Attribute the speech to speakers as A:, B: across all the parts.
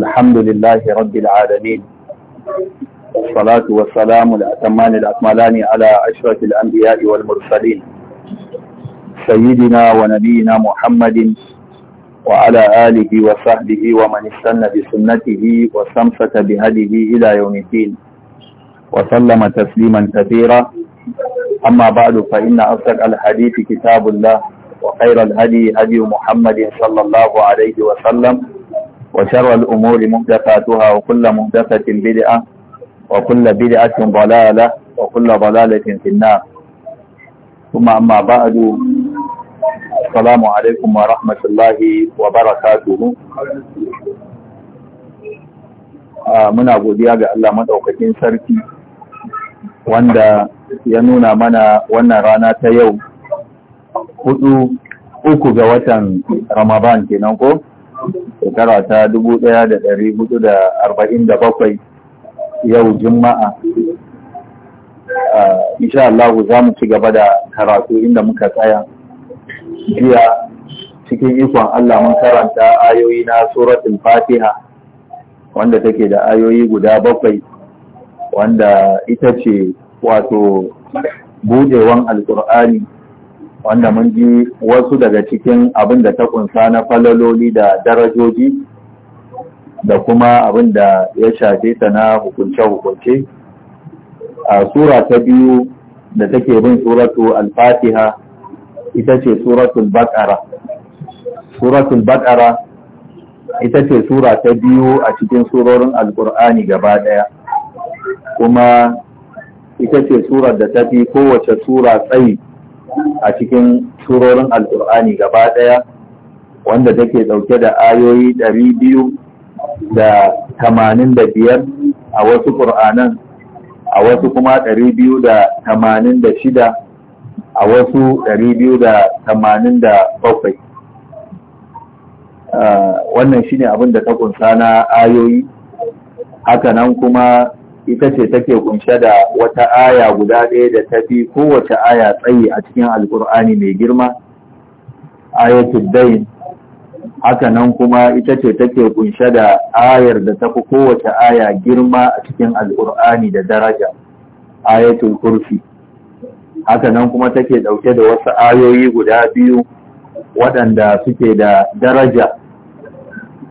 A: الحمد لله رب العالمين والصلاة والسلام الأتمان الأكملان على أشرف الأنبياء والمرسلين سيدنا ونبينا محمد وعلى آله وصحبه ومن استنى بسنته وسمسة بهديه إلى يوم الدين وسلم تسليما كثيرا أما بعد فإن أصدق الحديث كتاب الله وخير الهدي هدي محمد صلى الله عليه وسلم وشر الأمور مهدفاتها وكل مهدفة بدعة وكل بدعة ضلالة وكل ضلالة في النار ثم أما بعد السلام عليكم ورحمة الله وبركاته muna godiya ga Allah madaukakin sarki wanda ya nuna mana wannan rana ta yau hudu uku ga watan Ramadan kenan ko shekara ta dubu ɗaya da ɗari hudu da arba'in da bakwai yau juma'a ah, insha Allah za mu ci gaba da karatu inda muka tsaya jiya cikin ikon Allah mun karanta ayoyi na suratul fatiha wanda take da ayoyi guda bakwai wanda ita ce wato budewan alkur'ani wanda mun ji wasu daga cikin abin da ta kunsa na falaloli da darajoji da kuma abin da ya shafe ta na hukunce-hukunce a sura ta biyu da take bin suratu al-fatiha ita ce suratul baqara suratul baqara ita ce sura ta biyu a cikin surorin alkur'ani gaba daya kuma ita ce surar da ta fi kowace sura tsayi a cikin surorin alkur'ani gaba ɗaya wanda take ɗauke da ayoyi ɗari biyu da tamanin a wasu ƙur'anan a wasu kuma ɗari biyu a wasu ɗari biyu da tamanin bakwai ah, wannan shine abin da ta kunsa na ayoyi hakanan kuma ita ce take kunshe da wata aya guda ɗaya da ta fi kowace aya tsayi a cikin alkur'ani mai girma ayatul dain haka kuma ita ce take kunshe da ayar da ta fi kowace aya girma a cikin alkur'ani da daraja ayatul kurfi hakanan kuma take ɗauke da wasu ayoyi guda biyu waɗanda suke da daraja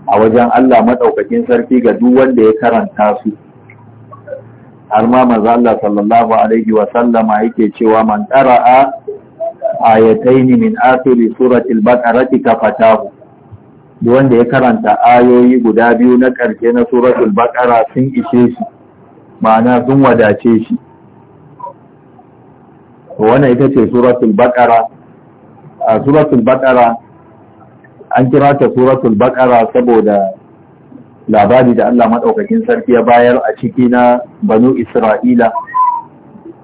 A: a wajen Allah maɗaukakin sarki ga duk wanda ya karanta su har ma manzo Allah sallallahu alaihi wa sallama yake cewa man qara'a ayataini min akhir surati al-baqarati kafatahu duk wanda ya karanta ayoyi guda biyu na karshe na suratul baqara sun ishe shi ma'ana sun wadace shi wannan ita ce suratul baqara a suratul baqara an kira ta suratul baqara saboda labari da Allah maɗaukakin sarki ya bayar a ciki na banu Isra'ila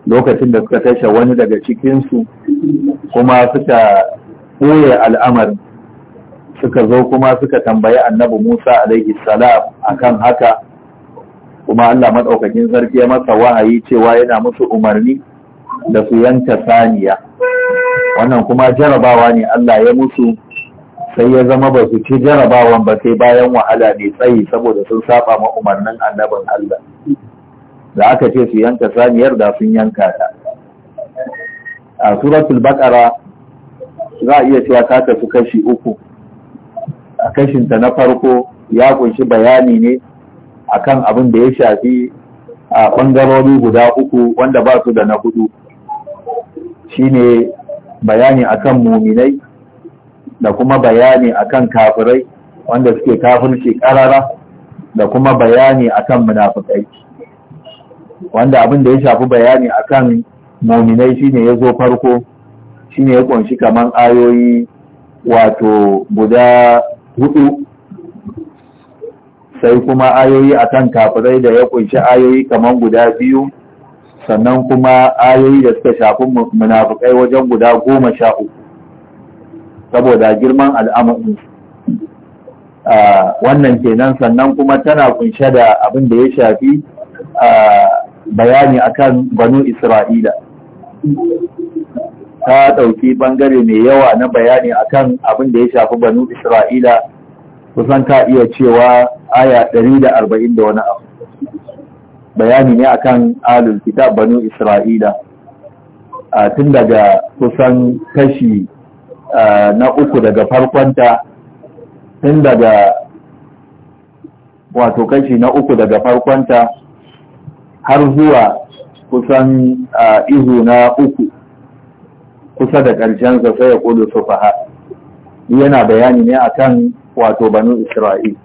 A: lokacin da suka tashe wani daga cikinsu kuma suka ɓoye al'amarin suka zo kuma suka tambayi annabi Musa alaihi salam akan haka kuma Allah maɗaukakin sarki ya masa wahayi cewa yana musu umarni da su yanka saniya wannan kuma jarabawa ne Allah ya musu sai ya zama ba su ci jarabawan ba sai bayan wahala ne tsayi saboda sun saba ma umarnin annabin Allah da aka ce su yanka saniyar da sun yanka ta a suratul baqara za a iya cewa ta kasu kashi uku a kashinta na farko ya kunshi bayani ne akan abin da ya shafi a ɓangarori guda uku wanda ba su da na hudu shine bayani akan muminai da kuma bayani akan kafirai wanda suke kafirci karara da kuma bayani akan munafikai wanda abin da ya shafi bayani akan muminai shine ya zo farko shine ya kunshi kaman ayoyi wato guda hudu sai kuma ayoyi akan kafirai da ya kunshi ayoyi kaman guda biyu sannan kuma ayoyi da suka shafi munafikai wajen guda goma sha uku saboda girman al'amarin wannan kenan sannan kuma tana kunshe da abin da ya shafi bayani akan banu isra'ila ta ɗauki ɓangare mai yawa na bayani akan abin da ya shafi banu isra'ila kusan ka iya cewa aya 140 da wani abu bayani ne akan alul kitab banu isra'ila tun daga kusan kashi Eh, na uku daga farkonta tun daga wato kashi na uku daga farkonta har zuwa kusan eh, ihu na uku kusa da ƙarshensa sai ya ƙudu sufaha yana bayani ne akan wato banu isra'il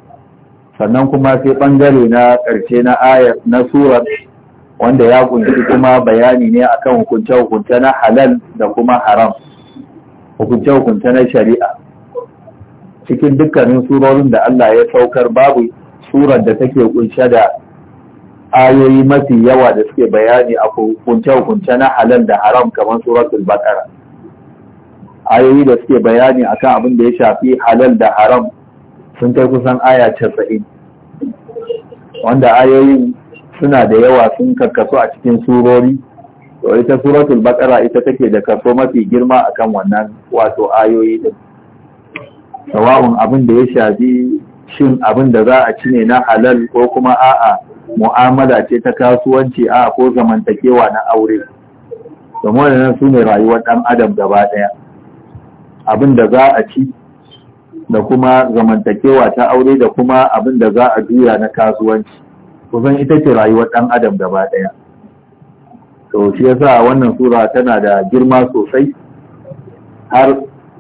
A: sannan kuma sai ɓangare na ƙarshe na ayar na surar wanda ya kunshi kuma bayani ne akan hukunce-hukunce na halal da kuma haram hukunce-hukunce na shari'a cikin dukkanin surorin da Allah ya saukar babu surar da take kunshe da ayoyi mafi yawa da suke bayani a hukunce-hukunce na halal da haram kamar surar baqara ayoyi da suke bayani a kan abin da ya shafi halal da haram sun kai kusan aya casa'in wanda ayoyin suna da yawa sun karkasu a cikin surori to ita suratul baqara ita take da kaso mafi girma akan wannan wato ayoyi din sawa'un abin da ya shafi shin abin da za a ci ne na halal ko kuma a'a mu'amala ce ta kasuwanci a'a ko zamantakewa na aure domin wannan su rayuwar ɗan adam gaba ɗaya abin da za a ci da kuma zamantakewa ta aure da kuma abin da za a juya na kasuwanci kusan ita ce rayuwar ɗan adam gaba ɗaya to shi yasa wannan sura tana da girma sosai har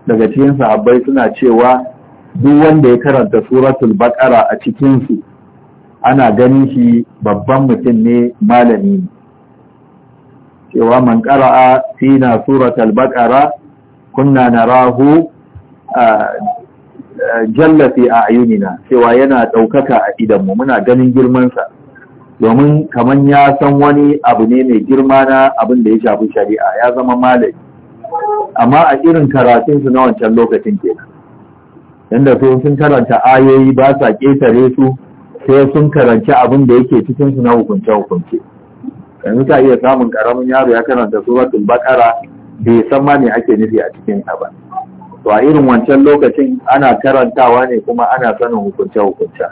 A: daga cikin sahabbai suna cewa duk wanda ya karanta suratul baqara a cikin su ana ganin shi babban mutum ne malami cewa man qara'a fina suratul baqara kunna narahu jalla a a'yunina cewa yana ɗaukaka a idanmu muna ganin girmansa domin kamar ya san wani abu ne mai girma na abin da ya shafi shari'a ya zama malami amma a irin karatunsu na wancan lokacin kenan inda su sun karanta ayoyi ba sa ƙetare su sai sun karanci abin da yake cikin su na hukunce hukunce yanzu ka iya samun karamin yaro ya karanta su suratul bakara bai san ma me ake nufi a cikin ta ba to a irin wancan lokacin ana karantawa ne kuma ana sanin hukunce hukunce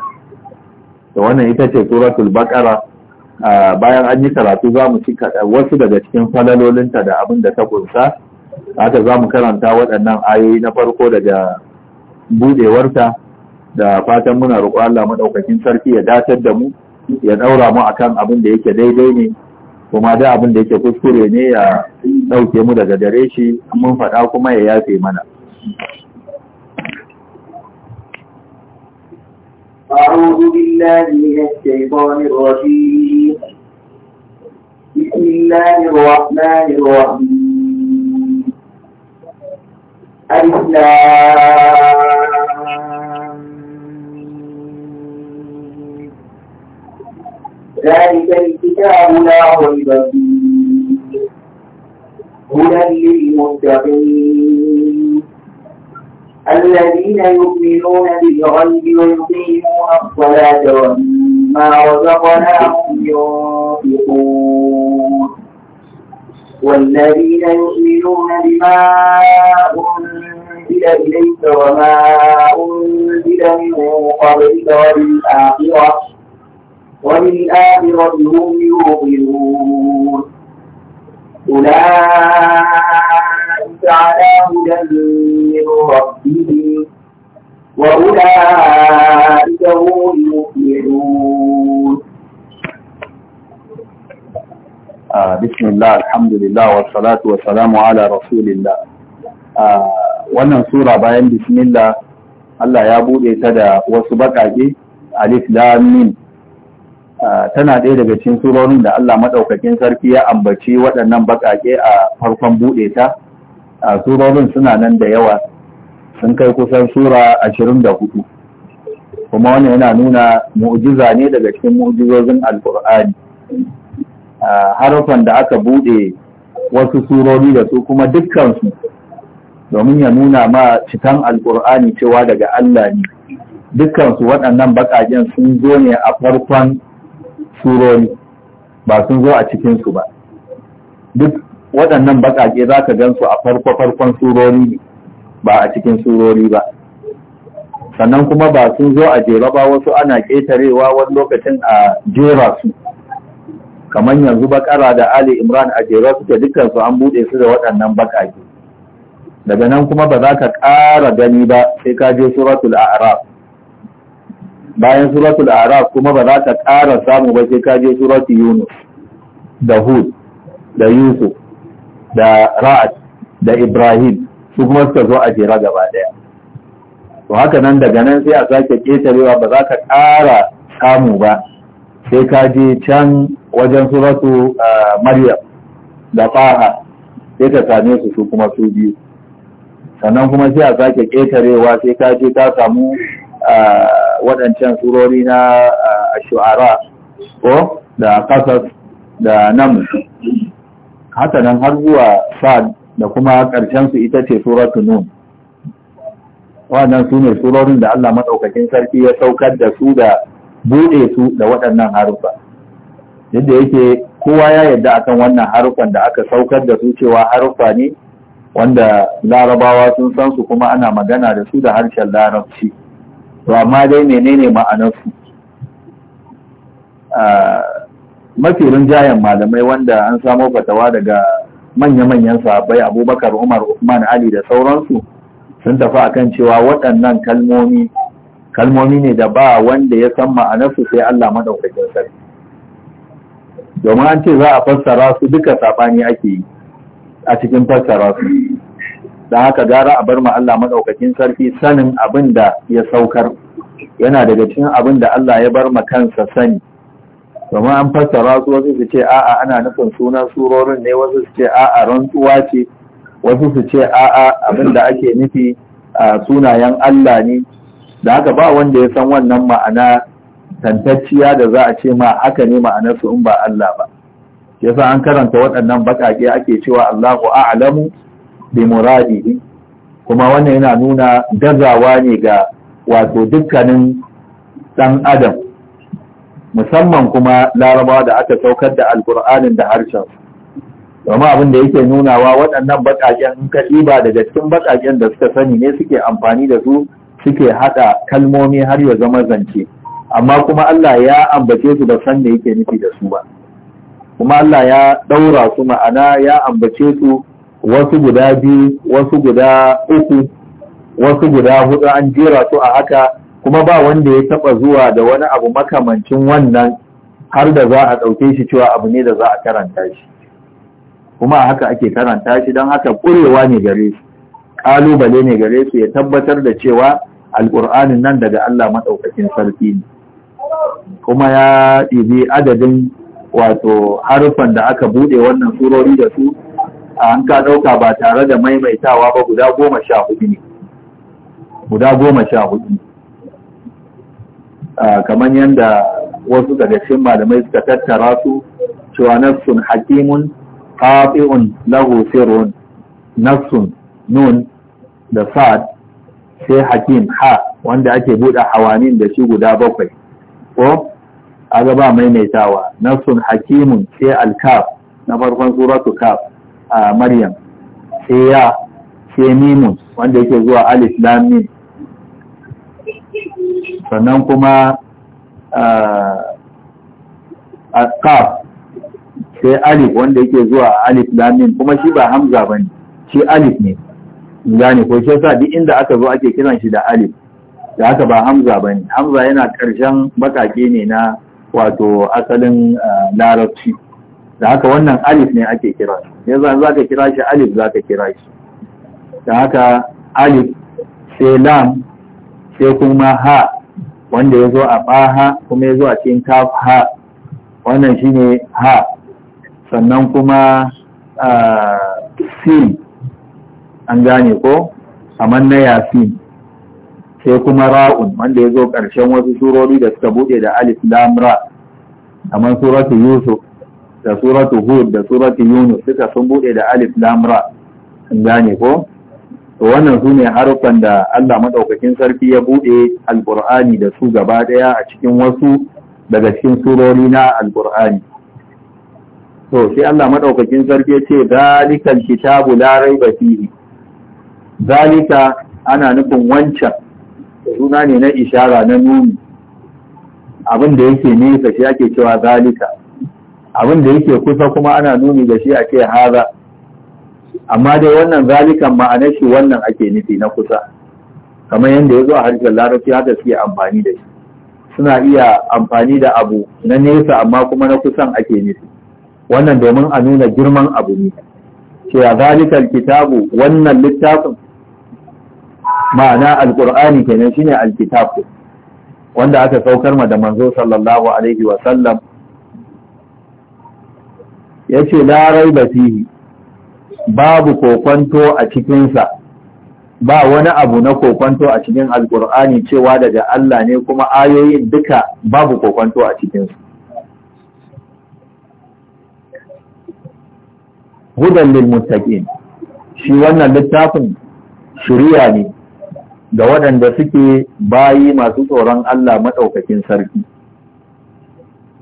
A: da wannan ita ce suratul baqara bayan an yi karatu za mu ci eh, wasu daga cikin falalolinta da abin da ta kunsa haka za mu karanta waɗannan ayoyi na farko daga budewarta da fatan muna roƙo Allah maɗaukakin sarki ya datar da mu ya ɗaura mu akan abin da yake daidai ne kuma da abin da yake kuskure ne ya ɗauke mu daga dare shi mun faɗa kuma ya yafe mana
B: أعوذ بالله من الشيطان الرجيم بسم الله الرحمن الرحيم ذلك الكتاب لا ريب فيه هدى للمتقين الذين يؤمنون بالغيب ويقيمون الصلاة ومما رزقناهم ينفقون والذين يؤمنون بما أنزل إليك وما أنزل من قبلك وبالآخرة وبالآخرة هم يوقنون أولئك على هدى من ربهم وأولئك هم المفلحون
A: بسم الله الحمد لله والصلاة والسلام على رسول الله wannan sura bayan bismillah Allah ya buɗe ta da wasu baƙaƙe alif lam ah, tana ɗaya daga cikin surorin da Allah maɗaukakin sarki ya ambaci waɗannan baƙaƙe a farkon buɗe ta a surorin suna nan da yawa sun kai kusan sura ashirin da hudu kuma wani yana nuna mu'jiza ne daga cikin mu'jizozin alkur'ani harufan da aka bude wasu surori da su kuma dukkansu domin ya nuna ma cikan alkur'ani cewa daga Allah ne dukkansu waɗannan baƙaƙen sun zo ne a farkon surori ba sun zo a cikinsu ba duk waɗannan baƙaƙe za ka gansu a farko-farkon surori ne ba a cikin surori ba sannan kuma ba sun zo a jera ba wasu ana ƙetarewa wani lokacin a jera su kamar yanzu baƙara da ali imran a jera suke su an buɗe su da waɗannan baƙaƙe daga nan kuma ba za ka ƙara gani ba sai ka je suratul a'raf bayan suratul a'raf kuma ba za ka ƙara samu ba sai ka je suratul yunus da hud da yusuf da ra'ad da ibrahim su kuma suka zo a jera gaba daya to haka nan daga nan sai a sake ƙetarewa ba za ka ƙara samu ba sai ka je can wajen suratu maryam da faha sai ka same su su kuma su biyu sannan kuma sai a sake ƙetarewa sai ka je ka samu waɗancan surori na shu'ara ko da kasas da namu haka nan har zuwa sa da kuma ƙarshen su ita ce suratul nun wannan su ne surorin da Allah madaukakin sarki ya saukar da su da bude su da waɗannan harufa yadda yake kowa ya yarda akan wannan harufan da aka saukar da su cewa harufa ne wanda larabawa sun san su kuma ana magana da su da harshen larabci to amma dai menene ma'anarsu ah, mafi rinjayen malamai wanda an samo fatawa daga manya-manyan sahabbai abubakar umar usman ali da sauransu sun tafi a kan cewa waɗannan kalmomi kalmomi ne da ba wanda ya san ma'anarsu sai Allah maɗaukakin sarki domin an ce za a fassara su duka saɓani ake yi a cikin fassara su don haka gara a bar ma Allah maɗaukakin sarki sanin abin da ya saukar yana daga cikin abin da Allah ya bar ma kansa sani domin an fassara su wasu su ce a'a ana nufin sunan surorin ne wasu su ce a'a rantsuwa ce wasu su ce a'a abin da ake nufi a sunayen Allah ne da haka ba wanda ya san wannan ma'ana tantacciya da za a ce ma haka ne ma'anar su in ba Allah ba yasa an karanta waɗannan baƙaƙe ake cewa Allahu a'lamu bi muradihi kuma wannan yana nuna gazawa ne ga wato dukkanin ɗan adam musamman kuma larabawa da aka saukar da alkur'anin da harshen domin abin da yake nunawa waɗannan baƙaƙen in ka ɗiba daga cikin baƙaƙen da suka sani ne suke amfani da su suke haɗa kalmomi har ya zama zance amma kuma Allah ya ambace su da san da yake nufi da su ba kuma Allah ya ɗaura su ma'ana ya ambace su wasu guda biyu wasu guda uku wasu guda hudu an jera su a haka kuma ba wanda ya taba zuwa da wani abu makamancin wannan har da za a ɗauke shi cewa abu ne da za a karanta shi kuma haka ake karanta shi don haka ƙurewa ne gare su ƙalubale ne gare su ya tabbatar da cewa alƙur'anin nan daga Allah maɗaukakin sarki ne kuma ya ɗibi adadin wato harufan da aka buɗe wannan surori da su an ka ɗauka ba tare da maimaitawa ba guda goma sha hudu ne guda goma sha hudu Ah, kamar yadda wasu daga cikin malamai suka tattara su cewa nafsun hakimun qati'un lahu sirrun nafsun nun da sa'ad sai hakim ha wanda ake buɗe hawanin da shi guda bakwai ko a ba maimaitawa nafsun hakimun sai alkaf na farkon suratu kaf a ah, maryam sai ya sai mimun wanda yake zuwa alif lam mim sannan kuma a kaf sai alif wanda yake zuwa alif lamin kuma shi ba hamza ba ne shi alif ne gane ko shi yasa duk inda aka zo ake kiran shi da alif da haka ba hamza ba ne hamza yana ƙarshen bakake ne na wato asalin larabci da haka wannan alif ne ake kira shi yanzu za ka kira shi alif za ka kira shi da haka alif sai lam sai kuma ha wanda ya zo a ɓaha kuma ya zo a cikin kaf ha wannan shi ne ha sannan kuma sin an gane ko kamar na yasin sai kuma ra'un wanda ya zo ƙarshen wasu surori da suka buɗe da alif lam ra kamar suratu yusuf da suratu hud da suratu yunus suka sun buɗe da alif lam an gane ko to wannan su ne haruffan da Allah maɗaukakin sarki ya buɗe alƙur'ani da su gaba ɗaya a cikin wasu daga cikin surori na alƙur'ani to sai Allah maɗaukakin sarki ya ce zalikal kitabu la raiba fihi zalika ana nufin wancan suna ne na ishara na nuni abin da yake nesa shi ake cewa zalika abin da yake kusa kuma ana nuni da shi ake haza amma dai wannan zalikan ma'anar shi wannan ake nufi na kusa kamar yadda ya zo a harshen larabci haka suke amfani da shi suna iya amfani da abu na nesa amma kuma na kusan ake nufi wannan domin a nuna girman abu ne a zalikal kitabu wannan littafin ma'ana Alƙur'ani kenan shine alkitab wanda aka saukar ma da manzo sallallahu alaihi wa sallam yace larai larai fihi babu kokwanto a cikinsa ba wani abu na kokwanto a cikin alkur'ani cewa daga Allah ne kuma ayoyin duka babu kokwanto a cikinsu Gudan lil shi wannan littafin shiriya ne ga waɗanda suke bayi masu tsoron Allah maɗaukakin sarki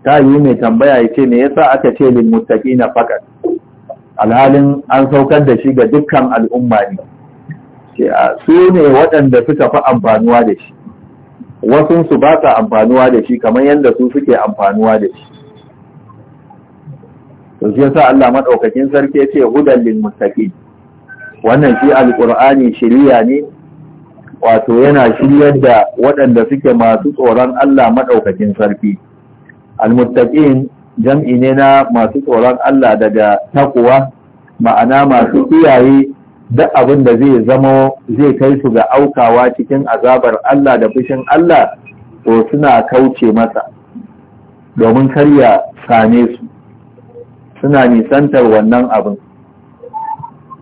A: ta yi mai tambaya ya ce me yasa aka ce lil muttaqina faqat alhalin an saukar da shi ga dukkan al'umma ne su ne waɗanda suka fi amfanuwa da shi wasu su ba ta amfanuwa da shi kamar yadda su suke amfanuwa da shi to shi yasa Allah madaukakin sarki ya ce hudan lil mustaqim wannan shi alqur'ani shiriya ne wato yana shiryar da waɗanda suke masu tsoron Allah madaukakin sarki al jam'i ne na masu tsoron Allah daga takuwa ma'ana masu kiyaye duk abin da zai zama zai kai su ga aukawa cikin azabar Allah da fushin Allah to suna kauce masa domin karya same su suna nisantar wannan abin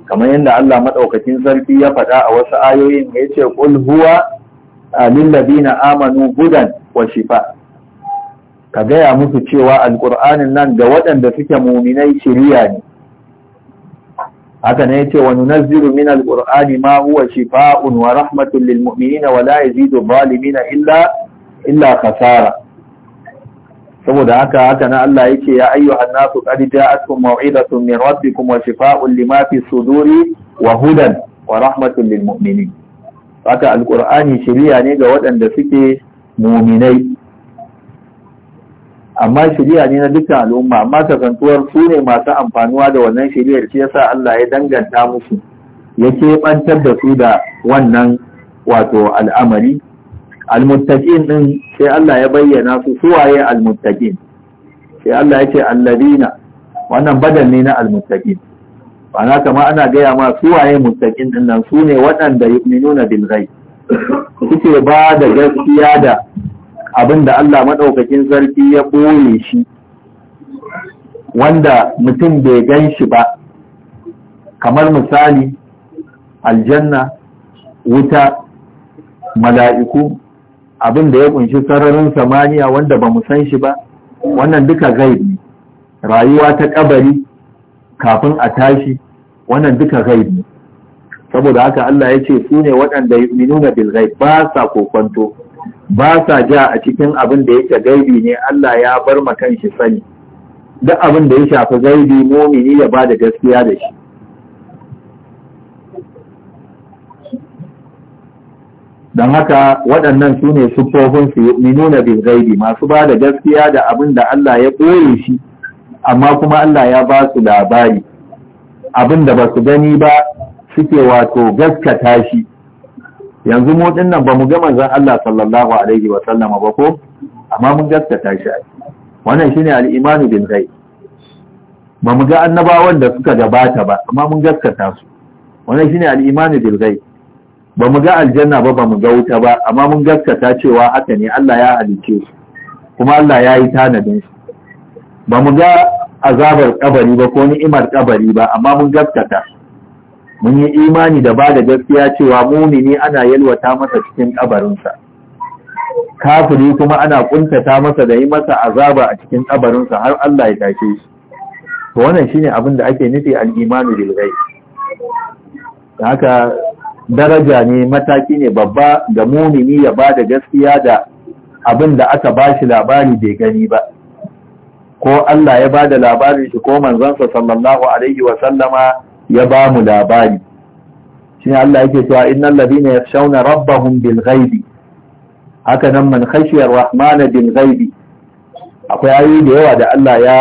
A: kamar yadda Allah maɗaukacin sarki ya faɗa a wasu ayoyin ya ce ƙul huwa na amanu gudan wa shifa ka gaya musu cewa alƙur'anin nan ga waɗanda suke muminai shiriya ne haka ne yace wa nunazzilu min Alƙur'ani ma huwa shifa'un wa rahmatun lil mu'minina wa la yazidu zalimina illa illa khasara saboda haka haka na Allah yake ya ayyuhan nasu qad ja'atkum maw'idatun min rabbikum wa shifa'un lima fi suduri wa hudan wa rahmatun lil mu'minin haka Alƙur'ani shiriya ne ga waɗanda suke muminai amma shari'a ne na dukkan al'umma amma kasantuwar su ne masu amfanuwa da wannan shari'ar shi yasa Allah ya danganta musu ya keɓantar da su da wannan wato al'amari almuttaqin din sai Allah ya bayyana su suwaye almuttaqin sai Allah ya ce alladina wannan badal ne na almuttaqin ana kama ana gaya ma suwaye muttaqin din nan su ne waɗanda yu'minuna bil ghaib suke ba da gaskiya da abin da Allah maɗaukakin sarki ya ɓoye shi wanda mutum bai gan shi ba kamar misali aljanna wuta mala'iku abin da ya ƙunshi sararin samaniya wanda ba mu san shi ba wannan duka ne. rayuwa ta ƙabari kafin a tashi wannan duka ne. saboda haka Allah ya ce su ne waɗanda yi nuna bilgai ba sa kokwanto ba sa ja a cikin abin da yake gaibi ne Allah ya bar ma kanshi sani duk abin da ya shafi gaibi mumini ya ba gaskiya da shi don haka waɗannan su ne siffofin su nuna bin gaibi masu bada gaskiya da abin da Allah ya ɓoye shi amma kuma Allah ya ba su labari abin da ba su gani ba suke wato gaskata shi yanzu mu nan ba mu ga zan Allah sallallahu alaihi wa sallama ba ko amma mun gaskata shi wannan shine al-imanu bil ghaib ba mu ga annabawan da suka gabata ba amma mun gaskata su wannan shine al-imanu bil ghaib ba mu ga aljanna ba ba mu ga wuta ba amma mun gaskata cewa haka ne Allah ya halice su kuma Allah ya yi tanadin su ba mu ga azabar kabari ba ko ni'imar kabari ba amma mun gaskata mun yi imani da ba da gaskiya cewa mumini ana yalwata masa cikin kabarinsa kafiri kuma ana kuntata masa da yi masa azaba a cikin kabarinsa har Allah ya tashe shi to wannan shine abin da ake nufi al-imanu bil ghaib haka daraja ne mataki ne babba ga mumini ya ba da gaskiya da abin da aka ba shi labari bai gani ba ko Allah ya ba da labarin shi ko manzansa sallallahu alaihi wa sallama ya ba mu labari shi Allah yake cewa innal ladina yakhshawna rabbahum bil ghaibi haka nan man khashiyar rahmana bil ghaibi akwai ayoyi da yawa da Allah ya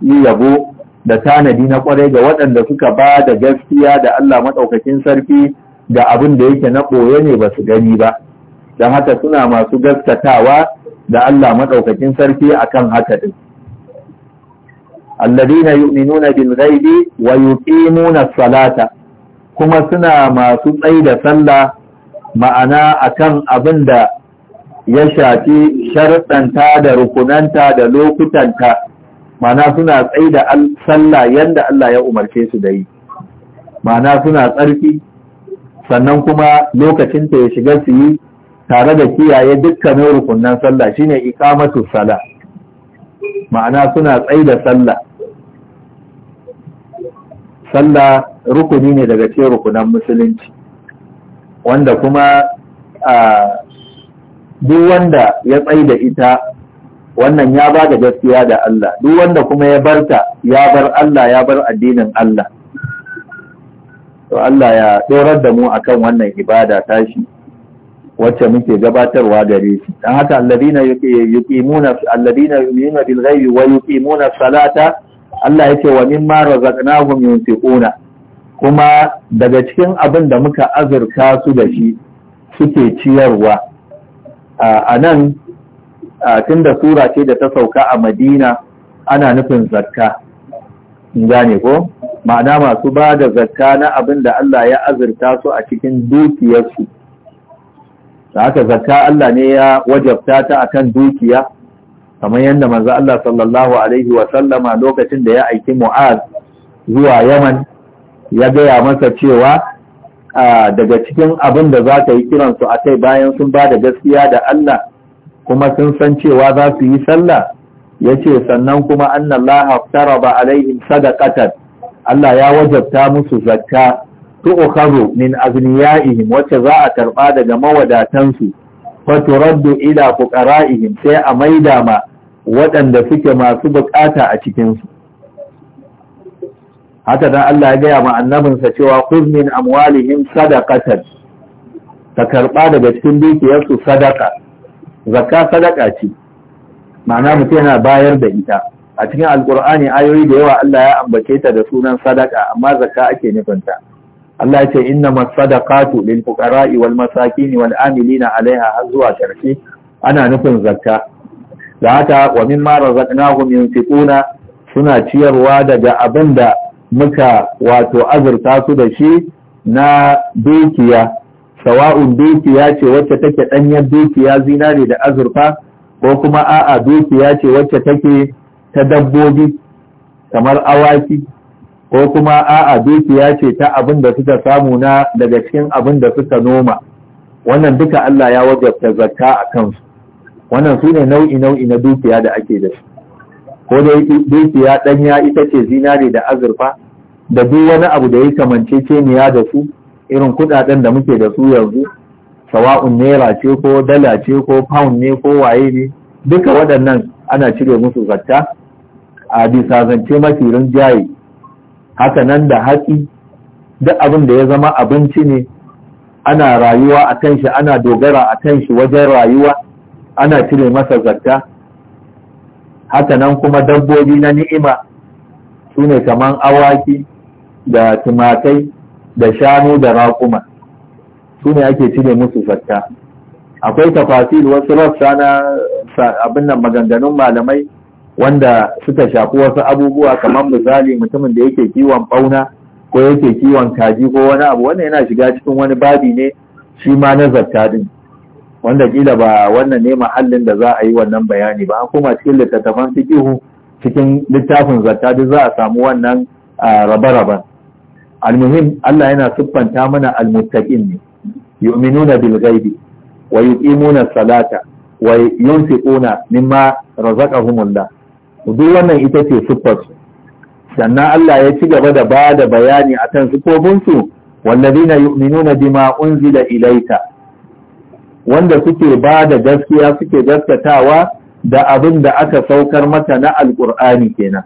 A: yi yabo da tanadi na kwarai ga waɗanda suka ba da gaskiya da Allah madaukakin sarki da abin da yake na ɓoye ne ba su gani ba don haka suna masu gaskatawa da Allah madaukakin sarki akan haka din alladina yu'minuna bil ghaibi wa yuqimuna salata kuma suna masu tsayi da sallah ma'ana akan abin da ya shafi sharɗanta da rukunanta da lokutanta ma'ana suna tsayi da sallah yadda Allah ya umarce su da yi ma'ana suna tsarki sannan kuma lokacin ta ya shiga su yi tare da kiyaye dukkanin rukunan sallah shine ikamatu salah ma'ana suna tsaye da sallah sallah rukuni ne daga cikin rukunan musulunci wanda kuma duk wanda ya tsaye da ita wannan ya ba da gaskiya da Allah duk wanda kuma ya barta ya bar Allah ya bar addinin Allah to Allah ya dorar da mu akan wannan ibada tashi wacce muke gabatarwa gare shi dan haka alladina yuqimuna alladina yu'minuna bil ghaibi wa yuqimuna salata Allah yake wa mimma razaqnahum yunfiquna kuma daga cikin abin da muka azurta su da shi suke ciyarwa a nan tunda sura ce da ta sauka a Madina ana nufin zakka gane ko ma'ana masu ba da zakka na abin da Allah ya azurta su a cikin dukiyarsu da haka zakka Allah ne ya wajabta ta akan dukiya kamar yadda manzo Allah sallallahu alaihi wa sallama lokacin da ya aiki Mu'az zuwa Yaman ya gaya masa cewa daga cikin abin da za ta yi kiransu a kai bayan sun ba da gaskiya da Allah kuma sun san cewa za su yi sallah yace sannan kuma annallaha taraba alaihim sadaqatan Allah ya wajabta musu zakka tu'khadhu min aghniyaihim wacce za a karɓa daga su fa turaddu ila fuqara'ihim sai a maida ma waɗanda suke masu bukata a cikin su haka dan Allah ya gaya ma annabinsa cewa khudh min amwalihim sadaqatan ka karba daga cikin dukiyarsu sadaka zakka sadaka ce ma'ana mutum yana bayar da ita a cikin Alƙur'ani, ayoyi da yawa Allah ya ambace ta da sunan sadaka amma zakka ake nufinta Allah ya ce inna masadaqatu lil fuqara'i wal masakin wal amilina Alayha har zuwa karshe ana nufin zakka da haka wa min mimma razaqnahum yunfiquna suna ciyarwa daga abin da muka wato azurta su da shi na dukiya sawa'un dukiya ce wacce take danyen dukiya zinare da azurfa ko kuma a'a dukiya ce wacce take ta dabbobi kamar awaki ko kuma a'a dukiya ce ta abin da suka samu na daga cikin abin da suka noma wannan duka Allah ya wajabta zakka a kansu wannan su ne nau'i nau'i na dukiya da ake da su ko dai dukiya ɗanya ita ce zinare da azurfa da duk wani abu da ya kamance ceniya da su irin kuɗaɗen da muke da su yanzu sawa'un naira ce ko dala ce ko pound ne ko waye ne duka waɗannan ana cire musu zakka a bisa zance mafi rinjaye haka nan da hatsi duk abin da ya zama abinci ne ana rayuwa a kan shi ana dogara a kan shi wajen rayuwa ana cire masa zarta haka nan kuma dabbobi na ni'ima su ne kamar awaki da tumakai da shanu da raƙuma su ne ake cire musu zarta akwai tafasil wasu rassa na abin nan maganganun malamai wanda suka shafi wasu abubuwa kamar misali mutumin da yake kiwon bauna ko yake kiwon kaji ko wani abu wannan yana shiga cikin wani babi ne shi ma na zakka din wanda kila ba wannan ne mahallin da za a yi wannan bayani ba an koma cikin littattafan fikihu cikin littafin zata, duk za a samu wannan rabe-raben almuhim Allah yana siffanta mana almuttaqin ne yu'minuna bil ghaibi wa yuqimuna salata wa yunfiquna mimma razaqahumullah duk wannan ita ce su, sannan Allah ya ci gaba da ba da bayani akan siffofinsu wallazina yu'minuna bima unzila ilaika wanda suke ba da gaskiya suke gaskatawa da abin da aka saukar mata na alkur'ani kenan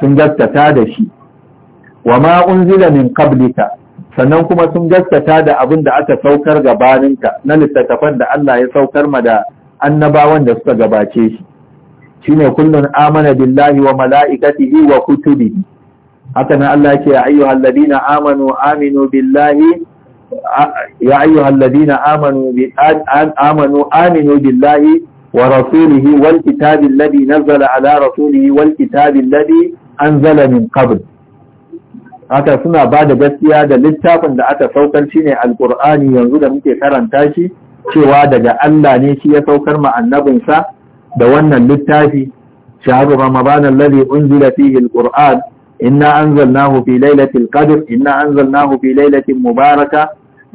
A: sun gaskata da shi wa ma unzila min qablika sannan kuma sun gaskata da abin da aka saukar gabaninka na littattafan da Allah ya saukar ma da annabawan da suka gabace shi shine kullun amana billahi wa mala'ikatihi wa kutubihi haka na Allah yake ya ayyuhal ladina amanu aminu billahi ya ayyuhal ladina amanu aminu billahi wa rasulihi wal kitabin alladhi nazzala ala rasulihi wal min qabl haka suna ba da gaskiya da littafin da aka saukar shi ne alkur'ani yanzu da muke karanta shi cewa daga Allah ne shi ya saukar ma annabinsa da wannan littafi shahru ramadan alladhi unzila fihi alquran inna anzalnahu fi lailatul qadr inna anzalnahu fi lailatin mubaraka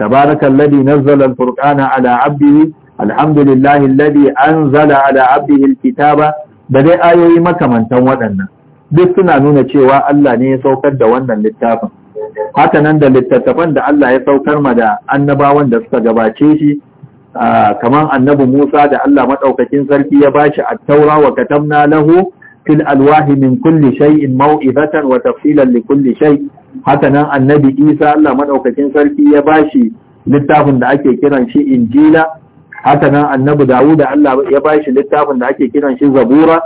A: tabaraka alladhi nazzala alqur'ana ala 'abdihi alhamdulillahi alladhi anzala ala 'abdihi alkitaba da dai ayoyi makamantan waɗannan duk suna nuna cewa Allah ne ya saukar da wannan littafin haka nan da littattafan da Allah ya saukar ma da annabawan da suka gabace shi Ah, kaman annabi Musa da Allah maɗaukakin sarki ya bashi at-taura wa katamna lahu fil alwahi min kulli shay'in maw'izatan wa tafsilan li kulli shay haka nan annabi Isa Allah maɗaukakin sarki ya bashi littafin da ake kiran shi Injila haka nan annabi Dawud Allah ya bashi littafin da ake kiran shi Zabura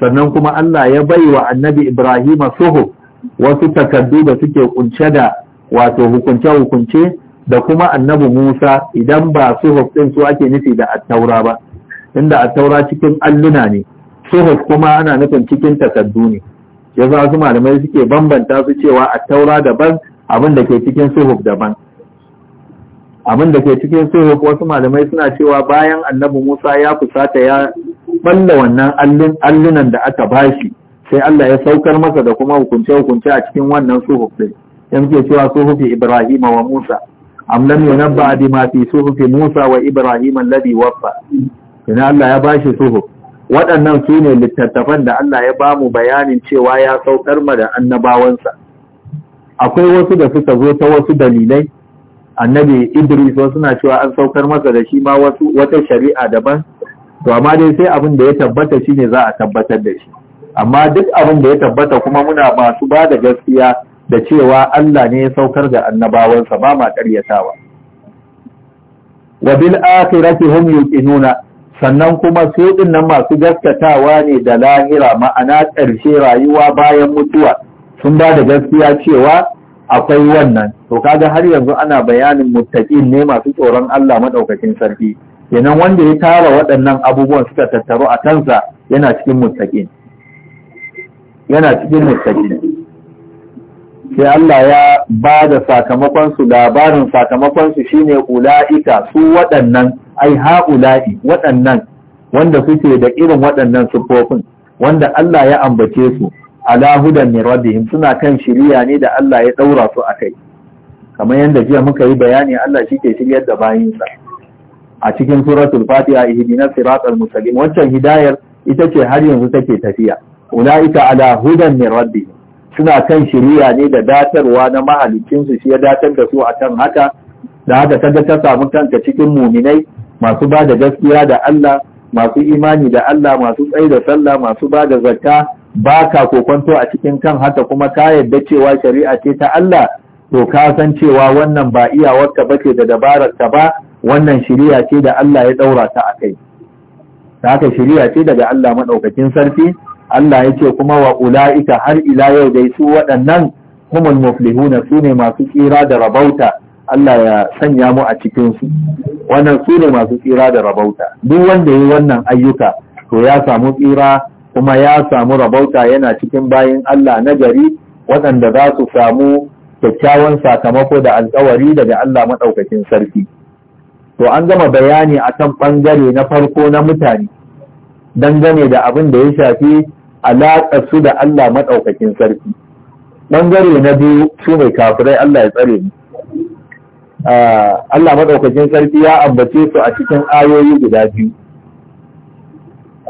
A: sannan kuma Allah ya bai wa annabi Ibrahim suhu wasu takaddu da suke kunce da wato hukunce-hukunce da kuma annabi Musa idan ba suhuf ɗin su ake nufi da attaura ba inda attaura cikin alluna ne suhuf kuma ana nufin cikin takardu ne ya za malamai suke bambanta su cewa attaura daban abin da ke cikin suhuf daban abin da ke cikin suhuf wasu malamai suna cewa bayan annabi Musa ya fusata ya balla wannan allunan da aka bashi sai Allah ya saukar masa da kuma hukunce-hukunce a cikin wannan suhuf ɗin, yanzu ke cewa suhufi Ibrahim wa Musa am lam yunabba bima fi suhuf Musa wa Ibrahim alladhi waffa ina Allah ya bashi suhuf waɗannan su ne littattafan da Allah ya ba mu bayanin cewa ya saukar ma da annabawansa akwai wasu da suka zo ta wasu dalilai annabi Idris wasu na cewa an saukar masa da shi ma wasu wata shari'a daban to amma dai sai abin da ya tabbata shine za a tabbatar da shi amma duk abin da ya tabbata kuma muna masu ba da gaskiya da cewa Allah ne ya saukar da annabawansa ba ma ƙaryatawa wa bil akhirati hum yuqinuna sannan kuma su nan masu gaskatawa ne da lahira ma'ana ƙarshe rayuwa bayan mutuwa sun ba da gaskiya cewa akwai wannan to kaga har yanzu ana bayanin muttaqin ne masu tsoron Allah madaukakin sarki kenan wanda ya tara waɗannan abubuwan suka tattaru a kansa yana cikin muttaqin yana cikin muttaqin sai Allah ya ba da sakamakonsu labarin sakamakonsu shine ula'ika su waɗannan ai ha'ula'i waɗannan wanda suke da irin waɗannan siffofin wanda Allah ya ambace su ala hudan suna kan shiriya ne da Allah ya ɗaura su a kai. kamar yadda jiya muka yi bayani Allah shi ke shiryar da bayinsa a cikin suratul fatiha ihdinas siratal mustaqim wancan hidayar ita ce har yanzu take tafiya ulaika ala hudan min suna kan shiriya ne da datarwa na mahalicinsu shi ya datar da su akan haka da haka kaga ta samu kanka cikin muminai masu ba da gaskiya da Allah masu imani da Allah masu tsayi da sallah masu ba da zakka ba ka kokonto a cikin kan haka kuma ka yadda cewa shari'a ce ta Allah to ka san cewa wannan ba iyawarka ba ce da dabararka ba wannan shari'a ce da Allah ya daura ta a kai haka shari'a ce daga Allah madaukakin sarki Allah ya ce kuma wa ula'ika har ila yau dai su waɗannan humul muflihuna su ne masu tsira da rabauta Allah ya sanya mu a cikinsu wannan su ne masu tsira da rabauta duk wanda ya yi wannan ayyuka to ya samu tsira kuma ya samu rabauta yana cikin bayin Allah na gari waɗanda za su samu kyakkyawan sakamako da alkawari daga Allah maɗaukakin sarki to an gama bayani akan ɓangare na farko na mutane dangane da abin da ya shafi alaƙar su da Allah maɗaukakin sarki ɓangare na biyu su mai kafirai Allah ya tsare mu ah, Allah maɗaukakin sarki ya ambace su a cikin ayoyi guda biyu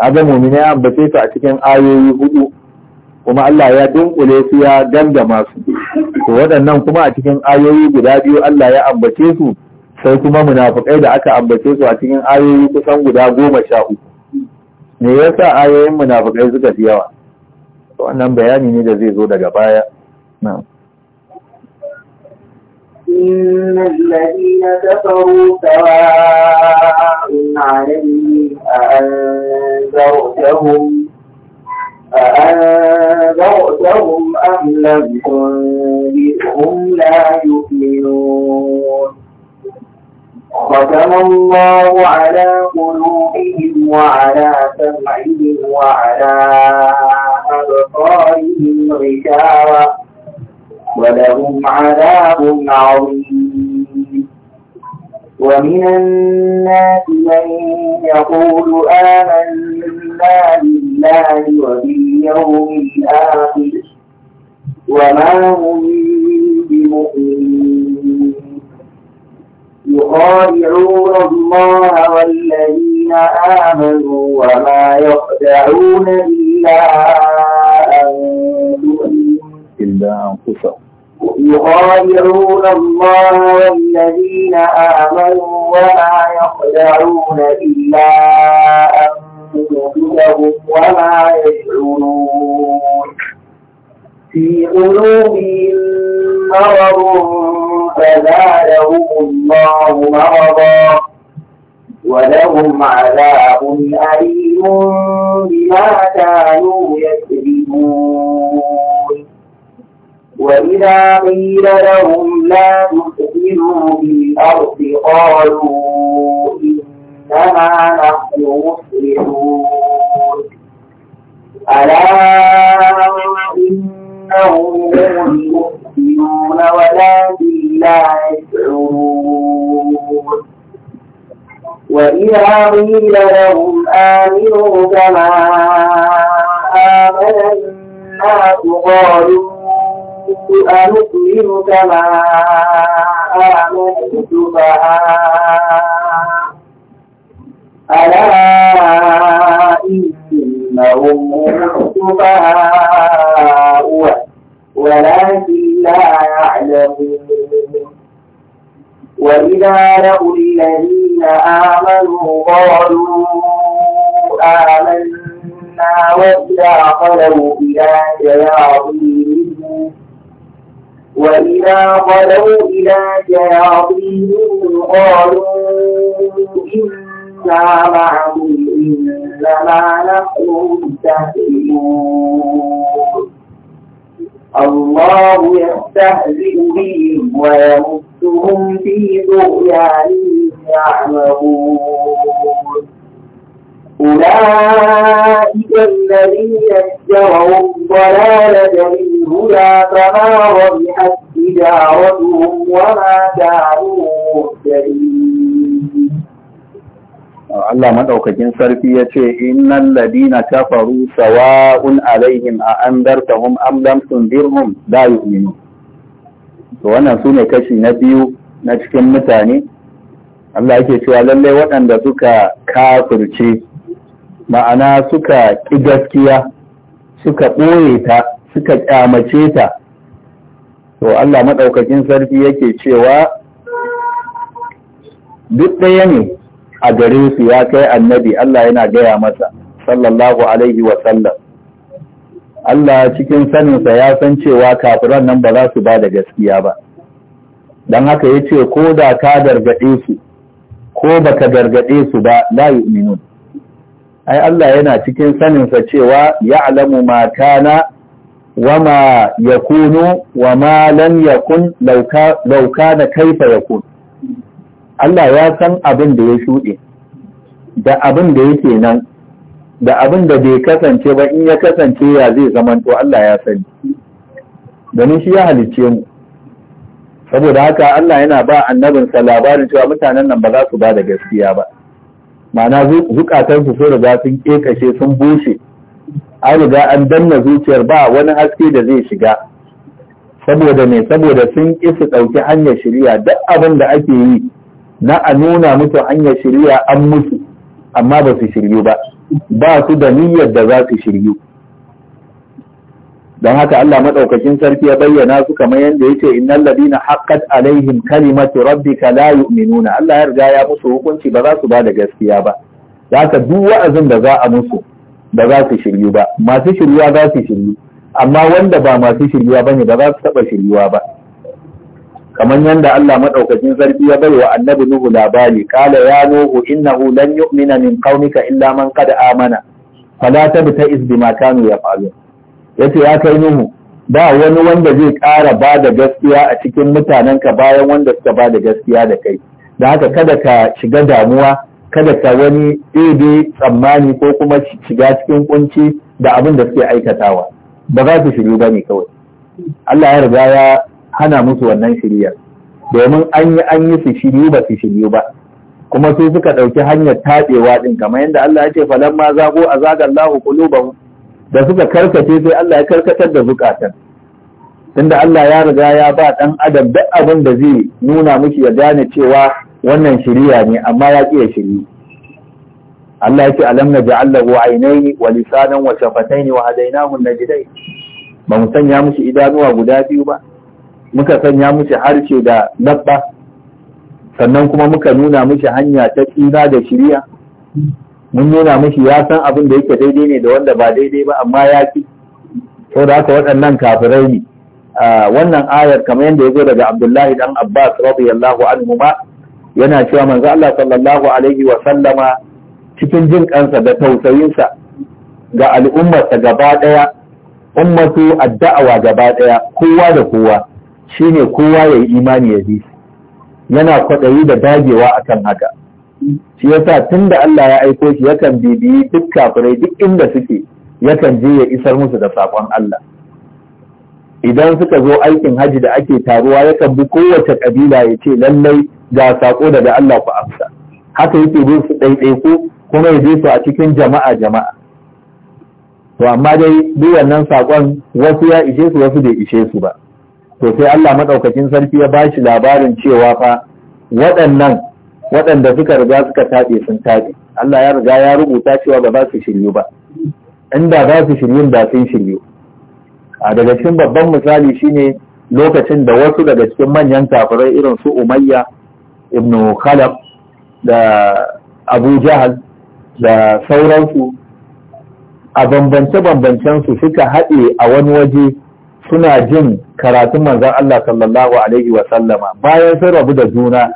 A: aga ne ya ambace su a cikin ayoyi hudu kuma Allah ya dunkule su ya gangama su to waɗannan kuma a cikin ayoyi guda biyu Allah ya ambace su sai kuma munafukai da aka ambace su a cikin ayoyi kusan guda goma sha uku me yasa ayoyin munafikai suka fi yawa wannan bayani ne da zai zo daga baya na'am
B: إن الذين كفروا سواء عليهم أأنذرتهم أأنذرتهم أم لم تنذرهم لا يؤمنون ختم الله على قلوبهم وعلى سمعهم وعلى أبصارهم غشاوة ولهم عذاب عظيم ومن الناس من يقول آمنا بالله وباليوم الآخر
C: وما
B: هم بمؤمنين يخادعون الله والذين آمنوا وما يخدعون إلا أنفسهم إلا أنفسهم يخادعون الله والذين آمنوا وما يخدعون إلا أنفسهم وما يشعرون في قلوبهم مرض فزادهم الله مرضا
C: ولهم عذاب أليم
B: بما كانوا يكذبون وإذا قيل لهم لا تفسدوا في الأرض قالوا Gracias. قالوا إنا معكم إنما نحن مستهزئون الله يستهزئ بهم ويمدهم في طغيانهم يعمهون
C: أولئك
B: الذين اشتروا الضلالة بالهدى فما ربحت تجارتهم وما كانوا مهتدين
A: Allah maɗaukakin sarki ya ce, Innan ladina kafaru sawa'un alaihim a an dartahum am lam tundirhum la yu'minu. To wannan su ne kashi na biyu na cikin mutane. Allah yake cewa lallai waɗanda suka kafirce ma'ana suka ƙi gaskiya suka ɓoye ta suka ƙyamace ta to Allah maɗaukakin sarki yake cewa duk ɗaya ne a gare su ya kai annabi Allah yana gaya masa sallallahu alaihi wa sallam. Allah cikin saninsa ya san cewa kafiran nan ba za su ba da gaskiya ba don haka ya ce ko da ka gargaɗe su ko ba ka gargaɗe su ba la yu'minun ai Allah yana cikin saninsa cewa alamu ma kana wa ma yakunu wa ma lam yakun law kana kaifa yakun Allah ya san abin da ya shuɗe da abin da yake nan da abin da bai kasance ba in ya kasance ya zai zamanto Allah ya sani domin shi ya halicce mu saboda haka Allah yana ba annabinsa labarin cewa mutanen nan ba za su ba da gaskiya ba ma'ana zukatansu sun riga sun kekashe sun bushe an riga an danna zuciyar ba wani haske da zai shiga saboda ne saboda sun ƙi su ɗauki hanyar shirya duk abin da ake yi na a nuna musu hanyar shirya an musu amma ba su shiryu ba ba su da niyyar da za su shiryu don haka Allah maɗaukacin sarki ya bayyana su kamar yadda yace innal ladina haqqat alaihim kalimatu rabbika la yu'minuna Allah ya riga ya musu hukunci ba za su ba da gaskiya ba haka duk wa'azin da za a musu ba za su shiryu ba masu shiryuwa za su shiryu amma wanda ba masu shiryuwa bane ba za su taba shiryuwa ba kamar yadda Allah maɗaukacin sarki ya bai wa annabi Nuhu labari kala ya Nuhu innahu lan yu'mina min qaumika illa man qad amana fala tabta iz bima kanu yaf'alun Ya ce ya kai nuhu ba wani wanda zai ƙara ba da gaskiya a cikin mutanen ka bayan wanda suka ba da gaskiya da kai da haka kada ka shiga damuwa kada ka wani ɗebe tsammani ko kuma shiga cikin kunci da abin da suke aikatawa ba za su shiru ba ne kawai Allah ya riga ya hana musu wannan shiriyar domin an yi an yi su shiryu ba su shiru ba kuma su suka ɗauki hanyar taɓewa ɗin kamar yadda Allah ya ce falan zago a zagar lahu qulubahum da suka karkace sai Allah ya karkatar da zukatan tunda Allah ya riga ya ba dan adam duk abin da zai nuna miki ya gane cewa wannan shiriya ne amma ya ƙi ya shiri Allah ya ce alam na ja'allahu aynayni wa lisanan wa shafataini wa hadaynahu najdai ba mu sanya mishi idanuwa guda biyu ba muka sanya mishi harshe da labba sannan kuma muka nuna mishi hanya ta tsira da shiriya mun nuna mashi. ya san abin da yake daidai ne da wanda ba daidai ba amma ya ki to da haka waɗannan kafirai ne wannan ayar kamar yadda ya zo daga Abdullahi dan Abbas radiyallahu anhu ma yana cewa manzo Allah sallallahu alaihi wa sallama cikin jin kansa da tausayinsa ga al'ummarsa gaba daya ummatu adda'awa gaba daya kowa da kowa shine kowa ya yi imani ya bi yana kwaɗayi da dagewa akan haka shi yasa da Allah ya aiko shi yakan bibiyi duk kafirai duk inda suke yakan je ya isar musu da sakon Allah idan suka zo aikin haji da ake taruwa yakan bi kowace kabila ya ce lallai ga sako daga Allah ku amsa haka yake bin su ko kuma ya je su a cikin jama'a jama'a to amma dai duk wannan sakon wasu ya ishe su wasu bai ishe su ba to sai Allah madaukakin sarki ya bashi labarin cewa fa waɗannan waɗanda suka riga suka taɓe sun taɓe Allah ya riga ya rubuta cewa ba za su shiryu ba inda za su shiryu da sun shiryu a daga cikin babban misali shine lokacin da wasu daga cikin manyan kafirai irin su Umayya ibn Khalaf da Abu Jahal da sauransu a bambance-bambancen su suka haɗe a wani waje suna jin karatun manzon Allah sallallahu alaihi wa sallama bayan sun rabu da juna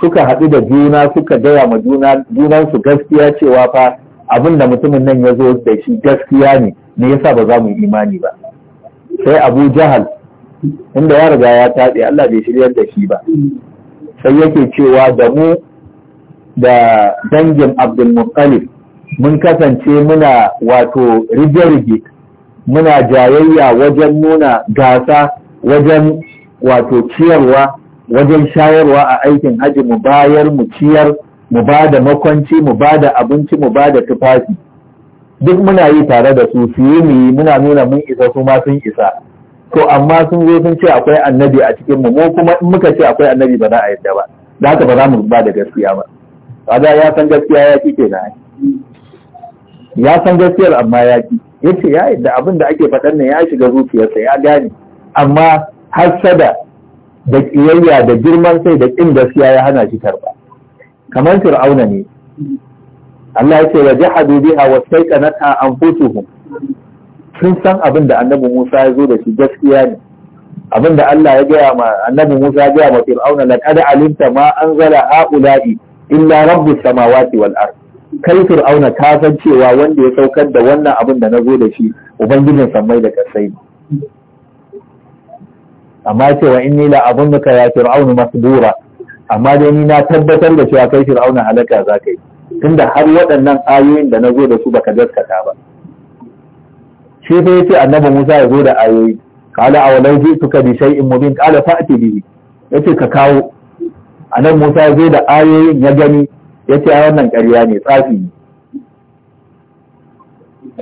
A: suka haɗu da juna suka gaya ma juna junansu gaskiya cewa fa abin da mutumin nan ya zo da shi gaskiya ne me yasa ba za mu yi imani ba sai abu jahal inda ya riga ya taɗe Allah bai shiryar da shi ba sai yake cewa da mu da dangin abdulmuttalib mun kasance muna wato rige-rige muna jayayya wajen nuna gasa wajen wato ciyarwa wajen shayarwa a aikin haji mu bayar mu ciyar mu ba da makwanci mu ba da abinci mu ba da tufafi duk muna yi tare da su su yi mu yi muna nuna mun isa su ma sun isa to amma sun zo sun ce akwai annabi a cikin mu mu kuma in muka ce akwai annabi ba za a yadda ba da haka ba za mu ba da gaskiya ba kaga ya san gaskiya ya ki kenan ya san gaskiyar amma ya ki yace ya yadda abin da ake faɗan ne ya shiga zuciyarsa ya gane amma hassada da ƙiyayya da girman sai da ƙin gaskiya ya hana shi karɓa kamar fir'auna ne Allah ya ce wa jahadu biha wa saiqanata anfusuhum sun san abin da annabi Musa ya zo da shi gaskiya ne abin da Allah ya gaya ma annabi Musa ya gaya ma fir'auna laqad alimta ma anzala haula'i illa rabbus samawati wal ard kai fir'auna ka san cewa wanda ya saukar da wannan abin da na zo da shi ubangijin sammai da kasai amma ce wa inni la abunnuka ya fir'aunu masbura amma dai ni na tabbatar da cewa kai fir'auna halaka za ka yi tunda har waɗannan ayoyin da na zo da su baka gaskata ba shi fa yace annabi Musa ya zo da ayoyi qala aw law ji'tuka bi shay'in mubin qala fa'ti bihi yace ka kawo annabi Musa ya zo da ayoyin ya gani yace a wannan ƙarya ne tsafi ne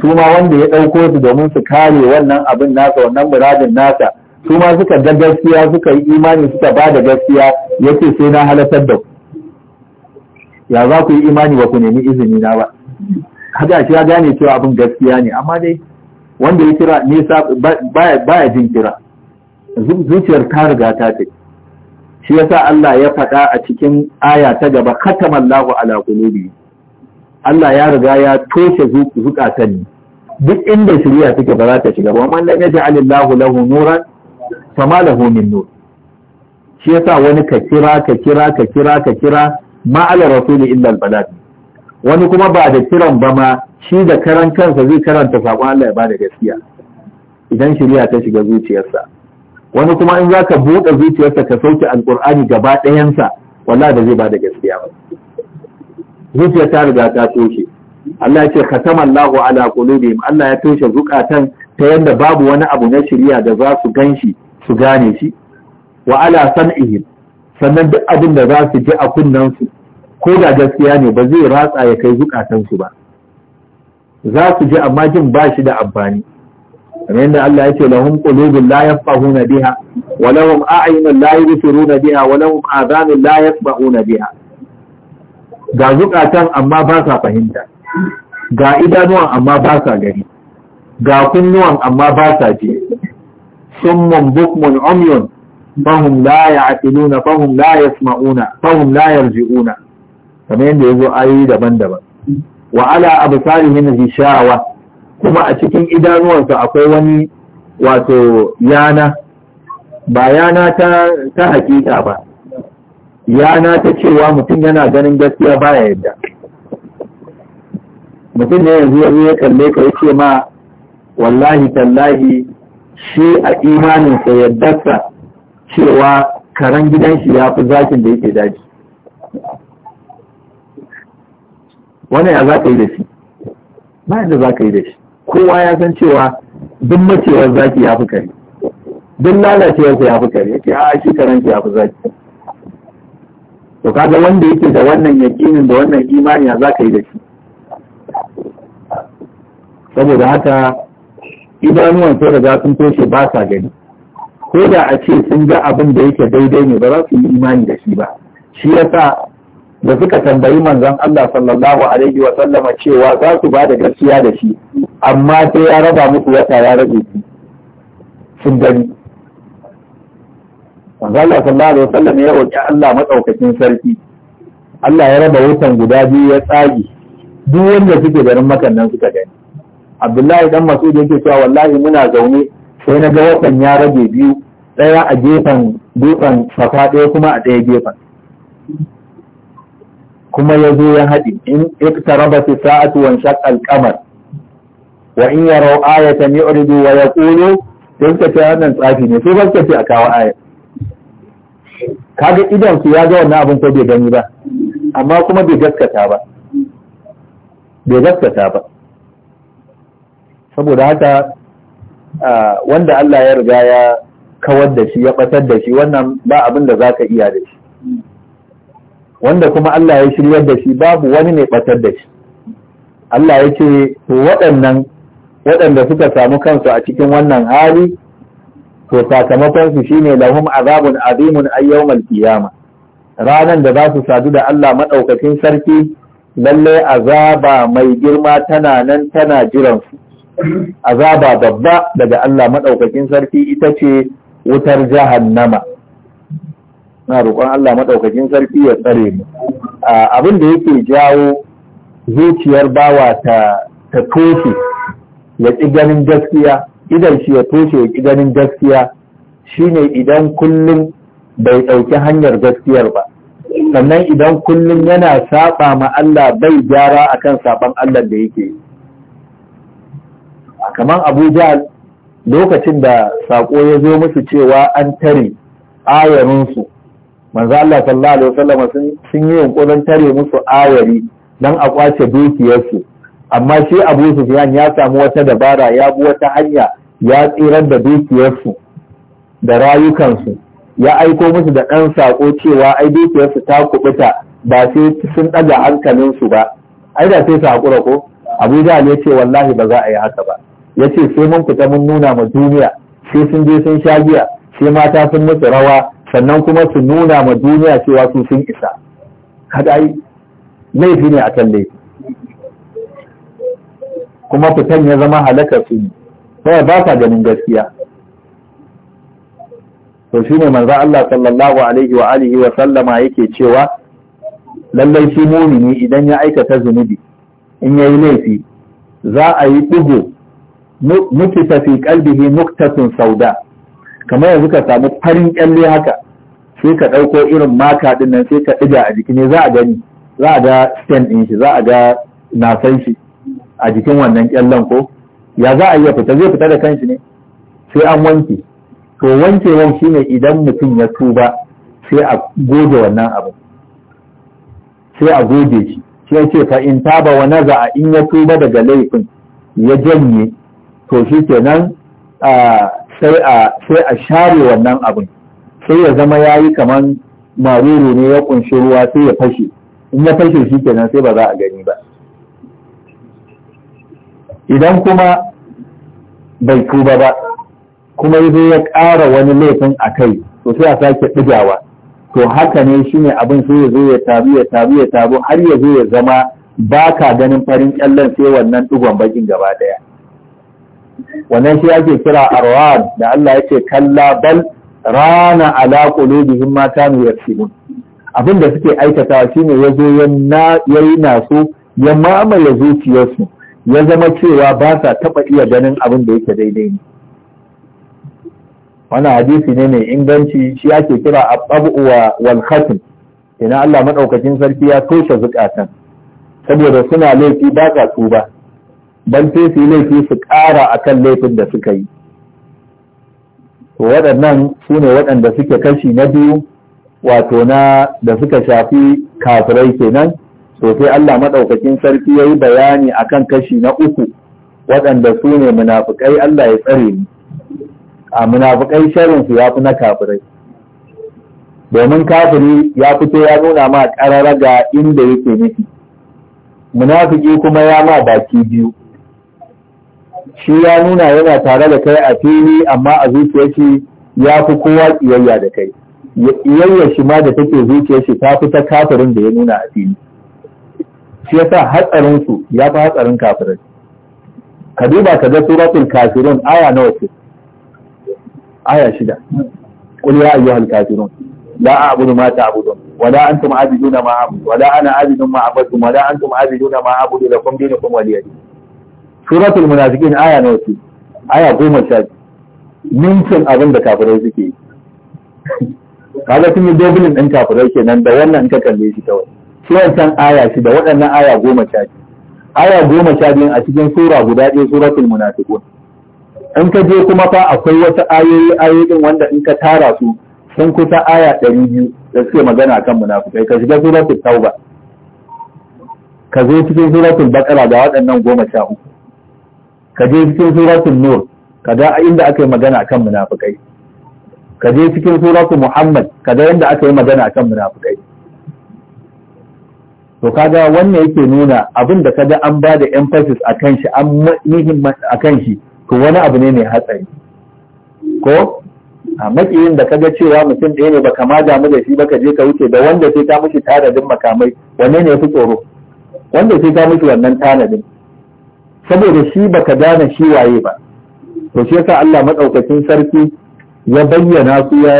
A: su wanda ya ɗauko su domin su kare wannan abin nasa wannan muradin nasa su ma suka ga gaskiya suka yi imani suka ba da gaskiya ce sai na halatar da ku ya za ku yi imani ba ku nemi izini na ba haka shi ya gane cewa abin gaskiya ne amma dai wanda ya kira nisa baya jin kira zuciyar ta riga ta ce shi yasa Allah ya faɗa a cikin aya ta gaba khatamallahu ala qulubi Allah ya riga ya toshe zukatan duk inda shari'a take ba za ta shiga ba man lam yaj'alillahu lahu nuran fama lahu min nur shi yasa wani ka kira ka kira ka kira ka kira ma ala rasuli illa albalat wani kuma ba da kiran ba ma shi da karan kansa zai karanta sakon Allah ya da gaskiya idan shari'a ta shiga zuciyarsa wani kuma in zaka buɗe zuciyarsa ka sauke Alƙur'ani gaba ɗayansa wallahi ba zai da gaskiya ba zuciya ta riga ta toshe Allah ya ce khatama Allahu ala qulubihim Allah ya toshe zukatan ta yadda babu wani abu na shiriya da za su ganshi su gane shi wa ala sam'ihim sannan duk abin da za su ji a kunnansu ko da gaskiya ne ba zai ratsa ya kai zukatansu ba za su ji amma jin ba shi da amfani kamar yadda Allah ya ce lahum qulubun la yafqahuna biha wa lahum a'yunun la yubsiruna biha wa lahum adhanun la yasma'una biha ga zukatan amma ba sa fahimta ga idanuwan amma ba sa gani ga kunnuwan amma ba sa ji summun bukmun umyun fahum la ya'qiluna fahum la yasma'una fahum la yarji'una kamar yadda yazo ayoyi daban-daban wa ala absarihim ghishawa kuma a cikin idanuwansu akwai wani wato yana ba yana ta ta hakika ba yana ta cewa mutum yana ganin gaskiya baya yadda mutum ne yanzu ya kalle ka yace ma wallahi tallahi shi a imaninsa sa cewa karen gidan shi ya fi zakin da yake daji wannan ya za ka yi da shi ba yadda za ka yi da shi kowa ya san cewa duk macewar zaki ya fi kare duk lalacewarsa ya fi kare yake a ah, shi karen shi ya fi zaki to kaga wanda yake da wannan yakinin da wannan imani ya za ka yi da shi saboda haka idanuwan sai da sun toshe ba sa gani ko da a ce sun ga abin da yake daidai ne ba za su yi imani da shi ba shi yasa da suka tambayi manzon Allah sallallahu alaihi wa sallama cewa za su ba da gaskiya da shi amma sai ya raba musu wata ya rage su sun gani manzon Allah sallallahu alaihi wa sallam ya roki Allah madaukakin sarki Allah ya raba wutan guda biyu ya tsagi duk wanda suke garin makannan suka gani abdullahi dan mas'ud yake cewa wallahi muna zaune sai na ga watan ya rage biyu ɗaya a gefen dutsen safa ɗaya kuma a ɗaya gefen kuma ya zo ya haɗi in iktaraba fi sa'atu wa shaqqal qamar wa in yara ayatan yu'ridu wa yaqulu dinka ta wannan tsafi ne sai barka ce a kawo aya kaga idan su ya ga wannan abin ko bai gani ba amma kuma bai gaskata ba bai gaskata ba saboda haka wanda Allah ya riga ya kawar da shi ya batar da shi wannan ba abin da za ka iya da shi wanda kuma Allah ya shirya da shi babu wani mai batar da shi Allah ya ce waɗannan waɗanda suka samu kansu a cikin wannan hali to sakamakon su shine lahum azabun azimun ayyawmal qiyama ranan da za su sadu da Allah maɗaukakin sarki lallai azaba mai girma tana nan tana jiran su azaba babba daga Allah maɗaukakin sarki ita ce wutar jahannama na roƙon Allah maɗaukakin sarki ya tsare mu abin da yake jawo zuciyar bawa ta ta toshe ya ƙi ganin gaskiya idan shi ya toshe ya ƙi ganin gaskiya shine idan kullum bai ɗauki hanyar gaskiyar ba sannan idan kullum yana saba ma Allah bai gyara akan saban Allah da yake yi kamar abu lokacin da sako ya zo musu cewa an tare ayarinsu manzo Allah sallallahu alaihi wasallam sun yi yunkurin tare musu ayari dan a kwace dukiyarsu amma shi Abu Sufyan ya samu wata dabara ya bi wata hanya ya tsirar da dukiyarsu da rayukansu ya aiko musu da ɗan sako cewa ai dukiyarsu ta kubuta ba sai sun ɗaga hankalinsu ba ai da sai su haƙura ko Abu ne ya ce wallahi ba za a yi haka ba ya ce sai mun fita mun nuna ma duniya sai sun je sun sha giya sai mata sun musu rawa sannan kuma su nuna ma duniya cewa su sun isa kada laifi ne akan laifi kuma fitan ya zama halakar su ne sai ba sa ganin gaskiya to ne manzo Allah sallallahu alaihi wa alihi wa sallama yake cewa lallai shi mumini idan ya aikata zunubi in yayi laifi za a yi ɗigo. nukita fi qalbihi nuktatun sauda kamar yanzu ka samu farin kyalle haka sai ka ɗauko irin maka ɗin nan sai ka ɗiga a jiki ne za a gani za a ga stem ɗin shi za a ga nasan shi a jikin wannan kyallen ko ya za a iya fita zai fita da kanshi ne sai an wanke to wankewan shine idan mutum ya tuba sai a goge wannan abin sai a goge shi sai ce fa in taba wa naza in ya tuba daga laifin ya janye to shi ke nan sai a share wannan abin sai ya zama ya yi kamar maruru ne ya kunshi ruwa sai ya fashe in ya fashe shi ke nan sai ba za a gani ba idan kuma bai tuba ba kuma zai ya ƙara wani laifin a kai to sai a sake ɗigawa to haka ne shi ne abin sai ya zo ya taru ya taru ya taru har ya zo ya zama ba ka ganin farin ƙyallon sai wannan ɗigon bakin gaba ɗaya wannan shi ake kira arwad da Allah ya ce kalla bal rana ala qulubihim ma kanu yaksibun abin da suke aikata shine yazo ya yayi naso ya mamaye zuciyarsu ya zama cewa ba sa taba iya ganin abin da yake daidai ne wannan hadisi ne mai inganci shi ake kira abu wa wal ina Allah madaukakin sarki ya toshe zukatan saboda suna laifi ba sa tuba ban sai laifi su ƙara a kan laifin da suka yi waɗannan su ne waɗanda suke kashi na biyu wato na da suka shafi kafirai kenan sosai Allah maɗaukakin sarki ya yi bayani a kan kashi na uku waɗanda su ne munafukai Allah ya tsare ni a munafukai sharinsu ya fi na kafirai domin kafiri ya fito ya nuna ma ƙararraga inda yake nufi munafiki kuma ya ma baki biyu shi ya nuna yana tare da kai a fili amma a zuciya shi ya fi kowa ƙiyayya da kai ƙiyayyar shi ma da take zuciya shi ta fi ta kafirin da ya nuna a fili shi ya hatsarin su ya fi hatsarin kafirin ka duba ka ga suratul kafirun aya nawa ce aya shida qul ya ayyuhal kafirun la a'budu ma ta'budun wala antum abiduna ma a'budu wala ana abidun ma a'budu wala antum abiduna ma a'budu lakum dinukum waliyadin suratul munafiqin aya nawa ce aya goma sha ninkin abin da kafirai suke yi kaga sun yi dobulin ɗin kafirai nan, da wannan in ka kalle shi kawai shi wancan aya shi da waɗannan aya goma sha aya goma sha biyu a cikin sura guda ɗaya suratul munafiqun in ka je kuma fa akwai wasu ayoyi ayoyin wanda in ka tara su sun kusa aya ɗari biyu da suke magana kan munafikai ka shiga suratul tauba ka zo cikin suratul baqara da waɗannan goma sha uku ka je cikin suratul nur ka ga inda aka yi magana akan munafikai ka je cikin suratul muhammad ka ga inda aka yi magana akan munafikai to kaga wannan yake nuna abin da kaga an ba da emphasis akan shi an muhimmanci akan shi to wani abu ne mai hatsari ko a makiyin da kaga cewa mutum ɗaya ne baka ma mu da shi baka je ka wuce da wanda sai ka mishi tanadin makamai wanne ne ya fi tsoro wanda sai ka mishi wannan tanadin saboda shi baka gane shi waye ba to shi yasa Allah madaukakin sarki ya bayyana su ya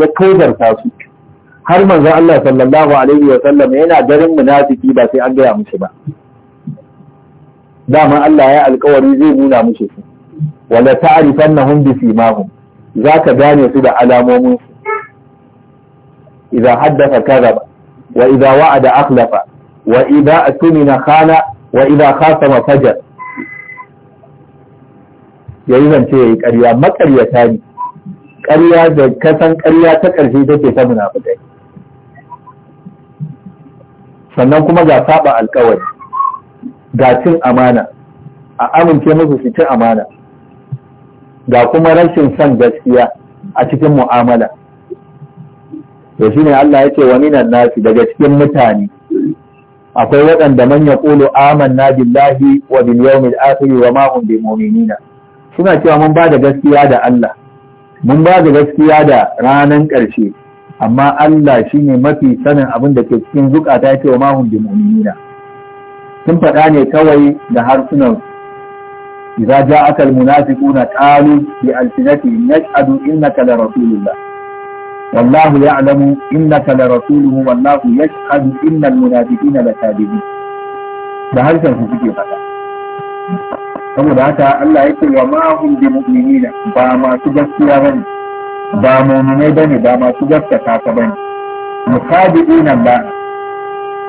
A: ya kaudarta su har manzon Allah sallallahu alaihi wa sallam yana garin munafiki ba sai an gaya mushi ba dama Allah ya alkawari zai nuna mushi su wala ta'rifannahum bi simahum zaka gane su da alamomin su idza haddatha kadhaba wa idza wa'ada akhlafa wa idza atumina khana wa idza khasama fajar yi zance ya yayi ƙarya maƙaryata ne ƙarya da kasan ƙarya ta ƙarshe take ta munafikai sannan kuma ga saba alkawari ga cin amana a amince musu su ci amana ga kuma rashin son gaskiya a cikin mu'amala shi ne Allah ya ce wa minan nasi daga cikin mutane akwai waɗanda man yaqulu amanna billahi wa bil yawmil akhir wa ma hum
B: bimuminina
A: suna cewa mun ba da gaskiya da Allah mun ba da gaskiya da ranan ƙarshe amma Allah shine mafi sanin abin da ke cikin zukata yake wa ma hum bimuminina sun faɗa ne kawai da harsunan إذا جاءك المنافقون قالوا بألسنتهم نشهد إنك لرسول الله والله يعلم إنك لرسوله والله يشهد إن المنافقين لكاذبون da harshen su suke faɗa saboda haka
C: Allah yake wa ma hum bi mu'minina ba masu gaskiya bane ba mu'minai bane ba masu gaskata ka bane musabiqina ba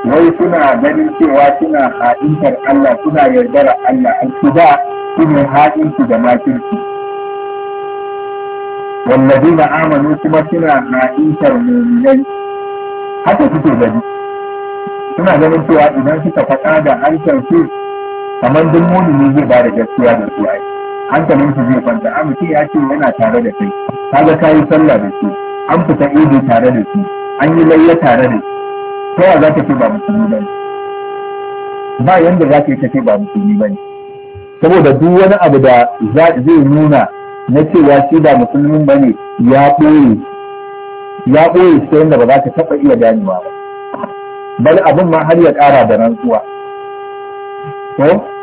C: wai
B: suna ganin cewa suna ha'intar Allah suna yardar Allah al-kuda shine ha'inci da makirci na amanu kuma
C: suna na'isar mu'minai haka suke gani suna ganin cewa idan suka faɗa da harshen su kamar duk ne zai ba da gaskiya da su
A: ai hankalin su zai kwanta a mutum ya ce yana tare da kai kaga ka yi sallah da su an fita idi tare da su an yi layya tare da su ta za ka ce ba musulmi ba ne ba yanda za ka yi ta ce ba musulmi ba ne saboda duk wani abu da zai nuna na cewa shi ba musulmin ba ne ya ɓoye ya ɓoye sai da ba za ka taɓa iya ganewa ba bal abin ma har ya ƙara da rantsuwa
B: to